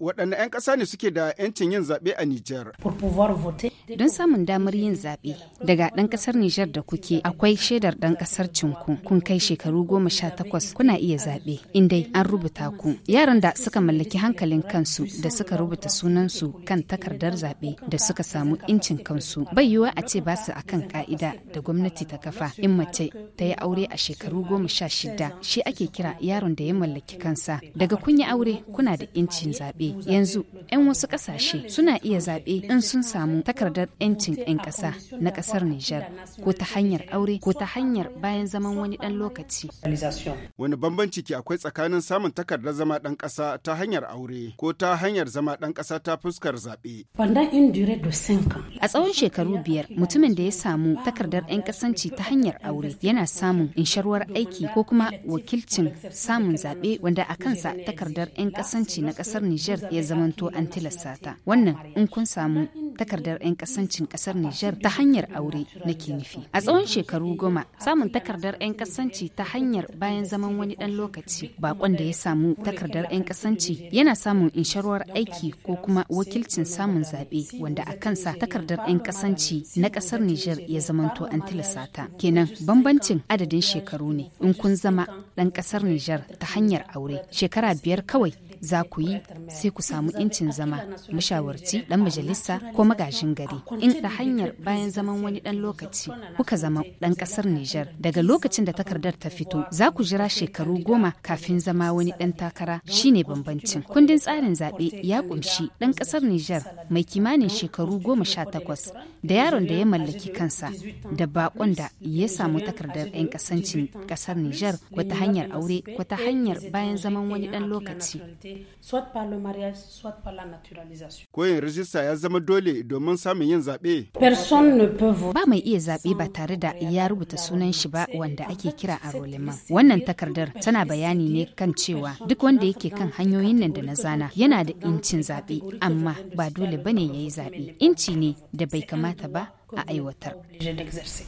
waɗanne 'yan ƙasa ne suke da 'yancin yin zaɓe a Nijar. Don samun damar yin zaɓe daga ɗan ƙasar Nijar da kuke akwai shaidar ɗan ƙasar cinku kun kai shekaru goma sha takwas kuna iya zaɓe indai an rubuta ku. Yaran da suka mallaki hankalin kansu da suka rubuta sunansu kan takardar zaɓe da suka samu incin kansu bai yiwuwa a ce ba su akan ka'ida da gwamnati ta kafa in mace ta yi aure a shekaru goma sha shida shi ake kira yaron da ya mallaki kansa daga kun yi aure kuna da incin zaɓe. yanzu 'yan wasu kasashe suna iya zaɓe in sun samu takardar 'yancin 'yan ƙasa na ƙasar Nijar ko ta hanyar aure ko ta hanyar bayan zaman wani ɗan lokaci. Wani bambanci ke akwai tsakanin samun takardar zama ɗan ƙasa ta hanyar aure ko ta hanyar zama ɗan ƙasa ta fuskar zaɓe. A tsawon shekaru biyar mutumin da ya samu takardar 'yan ƙasanci ta hanyar aure yana samun insharwar aiki ko kuma wakilcin samun zaɓe wanda a kansa takardar 'yan ƙasanci na ƙasar Nijar ya zamanto an tilasta ta wannan in kun samu takardar 'yan kasancin kasar Nijar ta hanyar aure nake nufi a tsawon shekaru goma samun takardar 'yan kasanci ta hanyar bayan zaman wani dan lokaci bakon da ya samu takardar 'yan kasanci yana samun insharuwar aiki ko kuma wakilcin samun zaɓe wanda a kansa takardar 'yan kasanci na kasar Nijar ya zamanto an tilasta ta kenan bambancin adadin shekaru ne in kun zama dan kasar Nijar ta hanyar aure shekara biyar kawai za ku yi sai ku samu incin zama mashawarci dan majalisa ko magajin gari in da hanyar bayan zaman wani dan lokaci kuka zama dan kasar Nijar daga lokacin da takardar ta fito za ku jira shekaru goma kafin zama wani dan takara shine bambancin kundin tsarin zaɓe ya kumshi dan kasar Nijar mai kimanin shekaru goma sha takwas da yaron da ya mallaki kansa da bakon da ya samu takardar 'yan kasancin kasar Nijar wata hanyar aure wata hanyar bayan zaman wani dan lokaci passé soit par le mariage, soit par la naturalisation. Ko yin rijista ya zama dole domin samun yin zaɓe? Personne ne peut Ba mai iya zaɓe ba tare da ya rubuta sunan shi ba wanda ake kira a roleman. Wannan takardar tana bayani ne kan cewa duk wanda yake kan hanyoyin nan da na zana yana da incin zaɓe amma ba dole bane yayi zabe zaɓe. Inci ne da bai kamata ba a aiwatar.